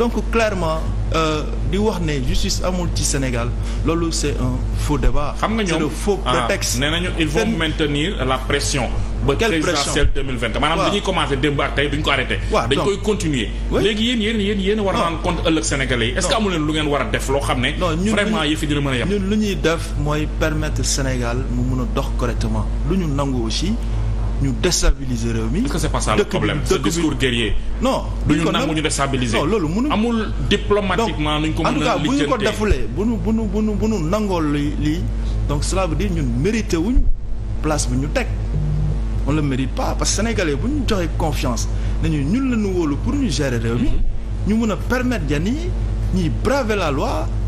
donc clairement euh, di wax ne justice amul ci Sénégal loolu c'est un faux débat. xam nga ñoom c'est le faux ah, prétexte. nee nañu la pression. ba présidentielle 2024 maanaam dañuy commencé démb ak tey duñ ko arrêté. waaw dañ koy continuer léegi yéen yéen yéen yéen war a rendre compte ëllëg sénégalais yi. est-ce que amu leen lu ngeen war a def loo xam ne. vraiment yëf yi dina mën a lu ñuy def mooy permettre Sénégal mu mun a dox correctement lu ñu nangu aussi. ñu déstabiliser réew mi. est-ce que c'est pas ça le problème ce discours guerrier. non duñu nangu ñu loolu mënu amul diplomatiquement nuñ ko mën a. en tout cas bu ñu ko defulee bu nu bu nu nu bu nu nangool li lii donc cela veut dire ñun mérité wuñ place bu ñu teg on le mérite pas parce que bu ñu joxee confiance nañu ñun la ñu wóolu pour ñu gérer réew mi mhm. ñu mën a permettre yan yi ñuy braver la loi.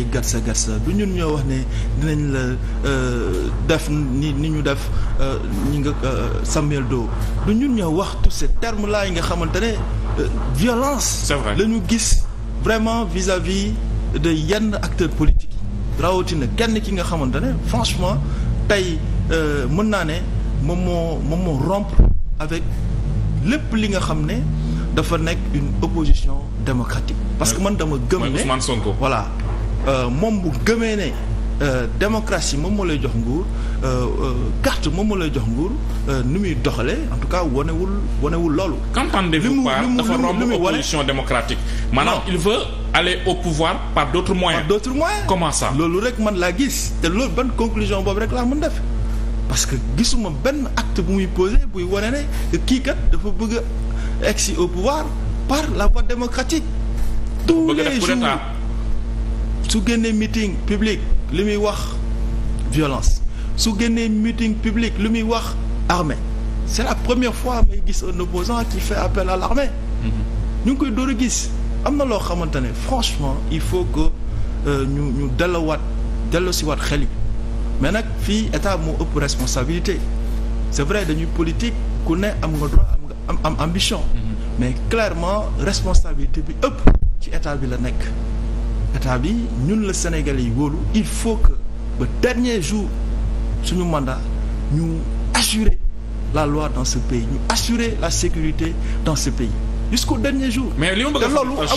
ay gatsa gatsa du ñun ñoo wax ne dinañ la euh, def ni ni ñu def euh, ñi nga euh, Samuel Doe du ñun ñoo wax tous ces termes yi nga xamante ne violence la ñu gis vraiment vis-à-vis de yenn acteurs politiques rawatina kenn ki nga xamante ne franchement tey mën naa ne moom moo moom moo rompre avec lépp li nga xam ne dafa nekk une opposition démocratique Euh, moom bu gëmee ne euh, démocratie moom moo lay jox nguur euh, carte moom moo lay jox nguur ni muy doxalee en tout cas wanewul wanewul loolu. qu'entendez-vous par dafa romb opposition démocratique. maanaam il veut aller au pouvoir par d'autres moyens. par d'autres moyens loolu rek man laa gis te loolu ban conclusion boobu rek laa mën def parce que gisuma benn act bu muy posé buy wane ne kii kat dafa bëgg a egsi au pouvoir par la voie démocratique. tous les jours su génnee meeting public li muy wax violence su génnee meeting public li muy wax armée c'est la première fois may gis un opposant qui fait appel à l'armée mm-hmm. ñu ngi koy door a gis am na loo xamante ne franchement il faut que euh, ñu ñu delluwaat dellusiwaat xel yi mais nag fii état moo ëpp responsabilité c'est vrai dañuy politique ku ne am nga droit am am ambition mm-hmm. mais clairement responsabilité bi ëpp ci état bi la nekk état bi ñun la Sénégalais yi wóolu il faut que ba dernier jour suñu mandat ñu assurer la loi dans ce pays ñu assurer la sécurité dans ce pays jusqu'au dernier jour. mais a loolu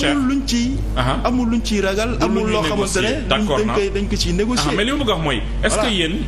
amul luñ ciy. amul luñ ciy ragal. amul loo xamante ne dañ koy dañ ko ciy négocier. mais li ma bëgg a wax mooy est-ce que yéen.